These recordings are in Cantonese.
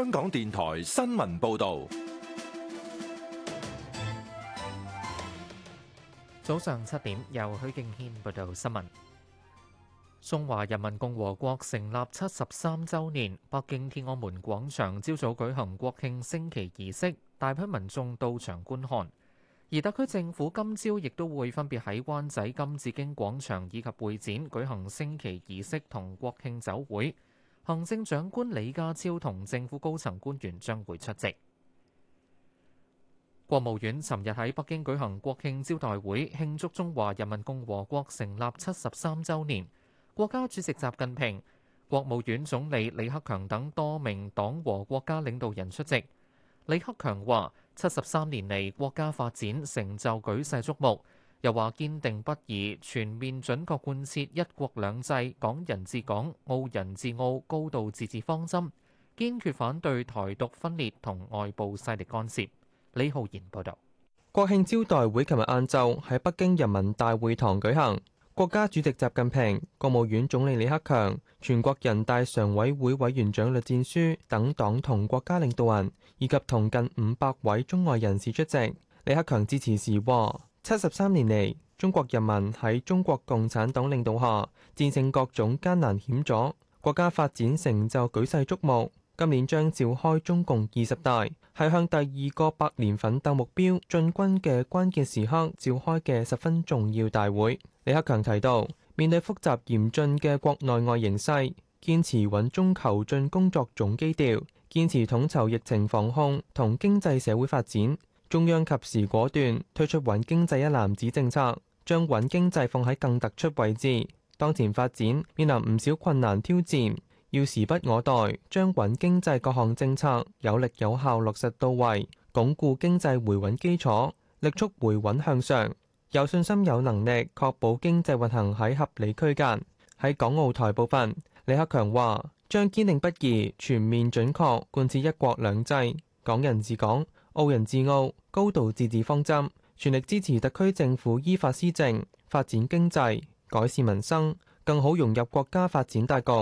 香港電台新聞報道，早上七點，由許敬軒報道新聞。中華人民共和國成立七十三周年，北京天安門廣場朝早舉行國慶升旗儀式，大批民眾到場觀看。而特區政府今朝亦都會分別喺灣仔金紫荊廣場以及會展舉行升旗儀式同國慶酒會。行政長官李家超同政府高層官員將會出席。國務院尋日喺北京舉行國慶招待會，慶祝中華人民共和國成立七十三週年。國家主席習近平、國務院總理李克強等多名黨和國家領導人出席。李克強話：七十三年嚟，國家發展成就舉世矚目。又話堅定不移全面準確貫徹一國兩制、港人治港、澳人治澳、高度自治方針，堅決反對台獨分裂同外部勢力干涉。李浩然報導。國慶招待會琴日晏晝喺北京人民大會堂舉行，國家主席習近平、國務院總理李克強、全國人大常委會委員長栗戰書等黨同國家領導人以及同近五百位中外人士出席。李克強致辭時話。七十三年嚟，中國人民喺中國共產黨領導下，戰勝各種艱難險阻，國家發展成就舉世矚目。今年將召開中共二十大，係向第二個百年奮鬥目標進軍嘅關鍵時刻召開嘅十分重要大會。李克強提到，面對複雜嚴峻嘅國內外形勢，堅持穩中求進工作總基調，堅持統籌疫情防控同經濟社會發展。中央及時果斷推出穩經濟一攬子政策，將穩經濟放喺更突出位置。當前發展面臨唔少困難挑戰，要時不我待，將穩經濟各項政策有力有效落實到位，鞏固經濟回穩基礎，力促回穩向上。有信心有能力確保經濟運行喺合理區間。喺港澳台部分，李克強話將堅定不移全面準確貫徹一國兩制，港人治港。澳人治澳、高度自治方針，全力支持特區政府依法施政、發展經濟、改善民生，更好融入國家發展大局，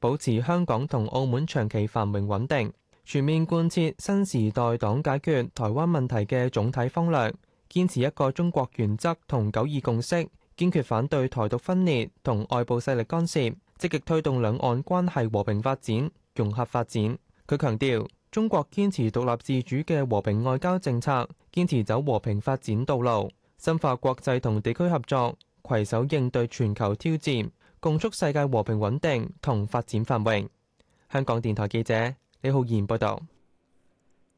保持香港同澳門長期繁榮穩定。全面貫徹新時代黨解決台灣問題嘅總體方略，堅持一個中國原則同九二共識，堅決反對台獨分裂同外部勢力干涉，積極推動兩岸關係和平發展、融合發展。佢強調。中國堅持獨立自主嘅和平外交政策，堅持走和平發展道路，深化國際同地區合作，攜手應對全球挑戰，共促世界和平穩定同發展繁榮。香港電台記者李浩然報道：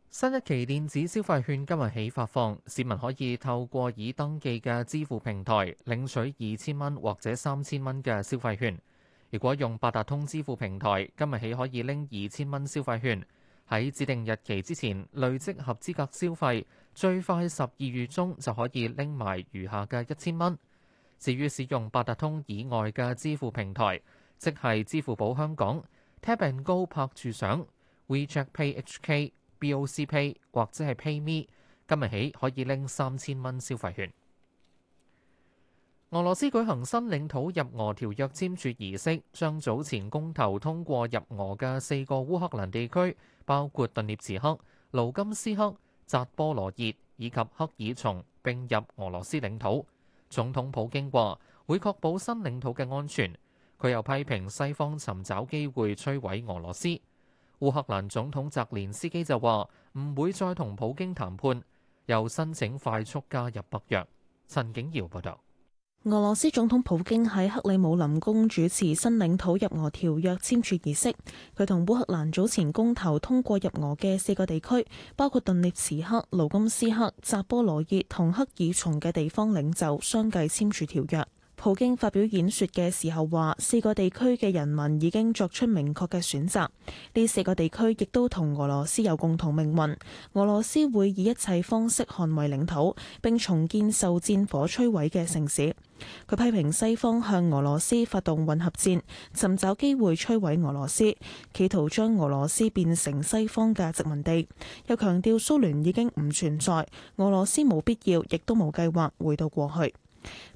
新一期電子消費券今日起發放，市民可以透過已登記嘅支付平台領取二千蚊或者三千蚊嘅消費券。如果用八達通支付平台，今日起可以拎二千蚊消費券。喺指定日期之前累積合資格消費，最快十二月中就可以拎埋餘下嘅一千蚊。至於使用八達通以外嘅支付平台，即係支付寶香港、Tap and Go 拍住上、WeChat Pay HK、BOC Pay 或者係 PayMe，今日起可以拎三千蚊消費券。俄羅斯舉行新領土入俄條約簽署儀式，將早前公投通過入俄嘅四個烏克蘭地區，包括頓涅茨克、盧甘斯克、扎波羅熱以及克爾松，並入俄羅斯領土。總統普京話會確保新領土嘅安全。佢又批評西方尋找機會摧毀俄羅斯。烏克蘭總統澤連斯基就話唔會再同普京談判，又申請快速加入北約。陳景瑤報道。俄羅斯總統普京喺克里姆林宮主持新領土入俄條約簽署儀式。佢同烏克蘭早前公投通過入俄嘅四個地區，包括頓涅茨克、盧甘斯克、扎波羅熱同克爾松嘅地方領袖，相繼簽署條約。普京發表演說嘅時候話，四個地區嘅人民已經作出明確嘅選擇，呢四個地區亦都同俄羅斯有共同命運。俄羅斯會以一切方式捍衛領土，並重建受戰火摧毀嘅城市。佢批評西方向俄羅斯發動混合戰，尋找機會摧毀俄羅斯，企圖將俄羅斯變成西方嘅殖民地。又強調蘇聯已經唔存在，俄羅斯冇必要，亦都冇計劃回到過去。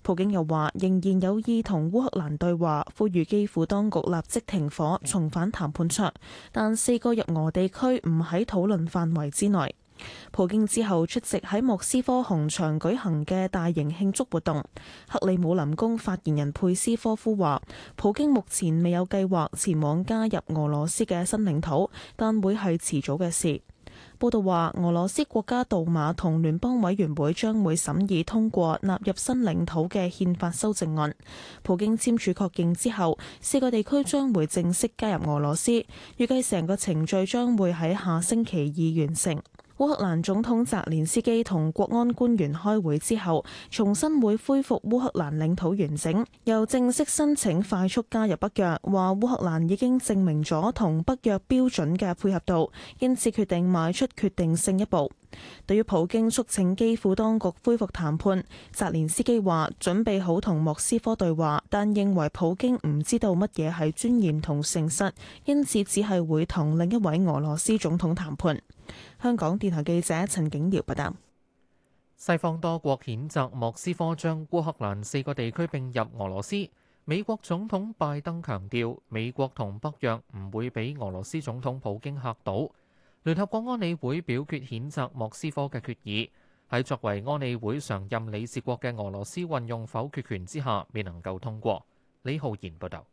普京又話仍然有意同烏克蘭對話，呼籲基輔當局立即停火、重返談判桌，但四個入俄地區唔喺討論範圍之內。普京之後出席喺莫斯科紅場舉行嘅大型慶祝活動，克里姆林宮發言人佩斯科夫話，普京目前未有計劃前往加入俄羅斯嘅新領土，但會係遲早嘅事。報道話，俄羅斯國家杜馬同聯邦委員會將會審議通過納入新領土嘅憲法修正案。普京簽署確認之後，四個地區將會正式加入俄羅斯，預計成個程序將會喺下星期二完成。烏克蘭總統澤連斯基同國安官員開會之後，重新會恢復烏克蘭領土完整，又正式申請快速加入北約。話烏克蘭已經證明咗同北約標準嘅配合度，因此決定邁出決定性一步。對於普京促請基輔當局恢復談判，澤連斯基話準備好同莫斯科對話，但認為普京唔知道乜嘢係尊嚴同誠實，因此只係會同另一位俄羅斯總統談判。香港電台記者陳景堯報道：西方多國譴責莫斯科將烏克蘭四個地區並入俄羅斯。美國總統拜登強調，美國同北約唔會俾俄羅斯總統普京嚇到。聯合國安理會表決譴責莫斯科嘅決議，喺作為安理會常任理事國嘅俄羅斯運用否決權之下，未能夠通過。李浩然報道。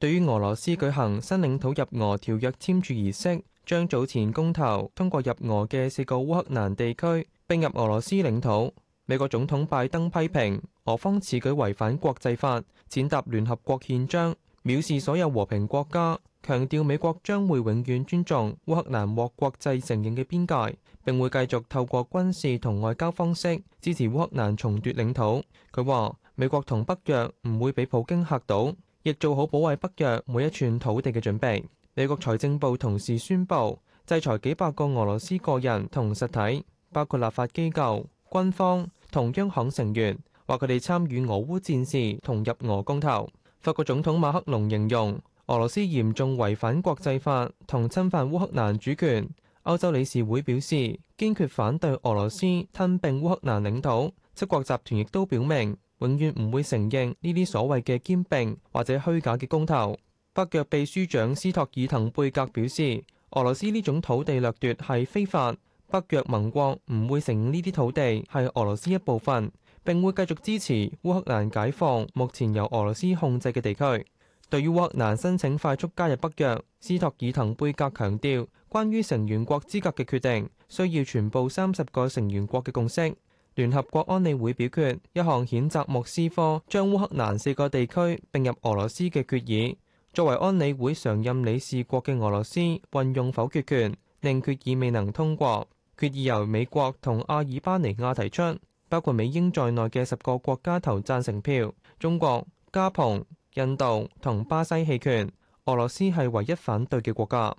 對於俄羅斯舉行新領土入俄條約簽署儀式，將早前公投通過入俄嘅四個烏克蘭地區並入俄羅斯領土，美國總統拜登批評俄方此舉違反國際法，踐踏聯合國憲章，藐視所有和平國家。強調美國將會永遠尊重烏克蘭獲國際承認嘅邊界，並會繼續透過軍事同外交方式支持烏克蘭重奪領土。佢話：美國同北約唔會俾普京嚇到。亦做好保衛北約每一寸土地嘅準備。美國財政部同時宣布制裁幾百個俄羅斯個人同實體，包括立法機構、軍方同央行成員，話佢哋參與俄烏戰事同入俄公投。法國總統馬克龍形容俄羅斯嚴重違反國際法同侵犯烏克蘭主權。歐洲理事會表示堅決反對俄羅斯吞併烏克蘭領土。七國集團亦都表明。永遠唔會承認呢啲所謂嘅兼併或者虛假嘅公投。北約秘書長斯托爾滕貝格表示，俄羅斯呢種土地掠奪係非法，北約盟國唔會承認呢啲土地係俄羅斯一部分，並會繼續支持烏克蘭解放目前由俄羅斯控制嘅地區。對於烏克蘭申請快速加入北約，斯托爾滕貝格強調，關於成員國資格嘅決定需要全部三十個成員國嘅共識。聯合國安理會表決一項譴責莫斯科將烏克蘭四個地區併入俄羅斯嘅決議，作為安理會常任理事國嘅俄羅斯運用否決權，令決議未能通過。決議由美國同阿爾巴尼亞提出，包括美英在內嘅十個國家投贊成票，中國、加蓬、印度同巴西棄權，俄羅斯係唯一反對嘅國家。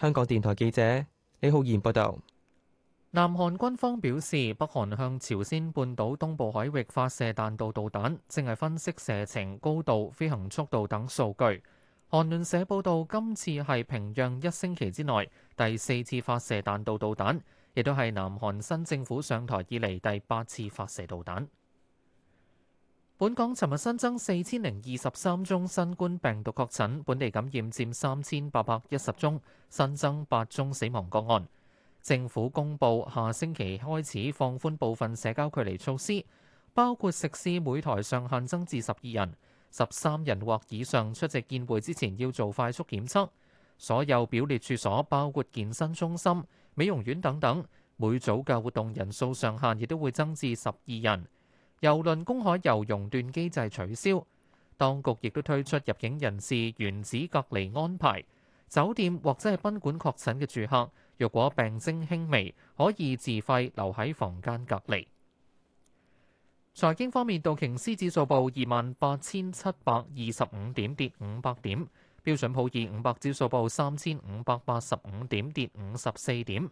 香港電台記者李浩然報道。南韓軍方表示，北韓向朝鮮半島東部海域發射彈道導彈，正係分析射程、高度、飛行速度等數據。韓聯社報道，今次係平壤一星期之內第四次發射彈道導彈，亦都係南韓新政府上台以嚟第八次發射導彈。本港尋日新增四千零二十三宗新冠病毒確診，本地感染佔三千八百一十宗，新增八宗死亡個案。政府公布下星期開始放寬部分社交距離措施，包括食肆每台上限增至十二人，十三人或以上出席宴會之前要做快速檢測，所有表列處所，包括健身中心、美容院等等，每組嘅活動人數上限亦都會增至十二人。郵輪公海遊熔斷機制取消，當局亦都推出入境人士原址隔離安排，酒店或者係賓館確診嘅住客，若果病徵輕微，可以自費留喺房間隔離。財經方面，道瓊斯指數報二萬八千七百二十五點，跌五百點；標準普爾五百指數報三千五百八十五點，跌五十四點。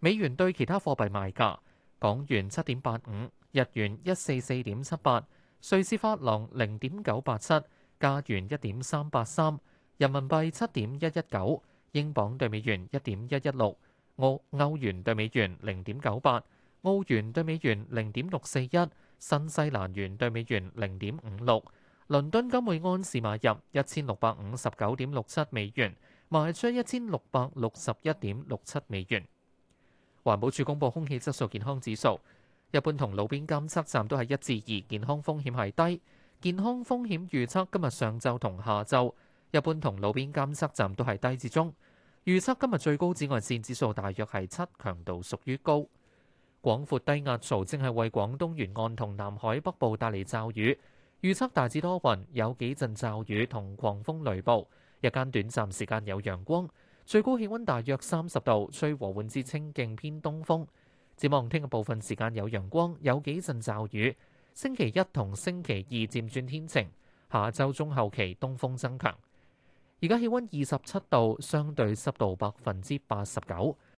美元對其他貨幣賣價：港元七點八五，日元一四四點七八，瑞士法郎零點九八七，加元一點三八三，人民幣七點一一九。英鎊兌美元1 1一6歐歐元兌美元零0九八，澳元兌美元零0六四一，新西蘭元兌美元零0五六。倫敦金會安時買入一千六百五十九9六七美元，賣出一千六百六十一1六七美元。環保署公布空氣質素健康指數，一般同路邊監測站都係一至二，健康風險係低。健康風險預測今日上晝同下晝。一般同路邊監測站都係低至中。預測今日最高紫外線指數大約係七，強度屬於高。廣闊低壓槽正係為廣東沿岸同南海北部帶嚟驟雨，預測大致多雲，有幾陣驟雨同狂風雷暴。日間短暫時間有陽光，最高氣溫大約三十度，吹和緩至清勁偏東風。展望聽日部分時間有陽光，有幾陣驟雨。星期一同星期二漸轉天晴，下周中後期東風增強。而家氣温二十七度，相對濕度百分之八十九。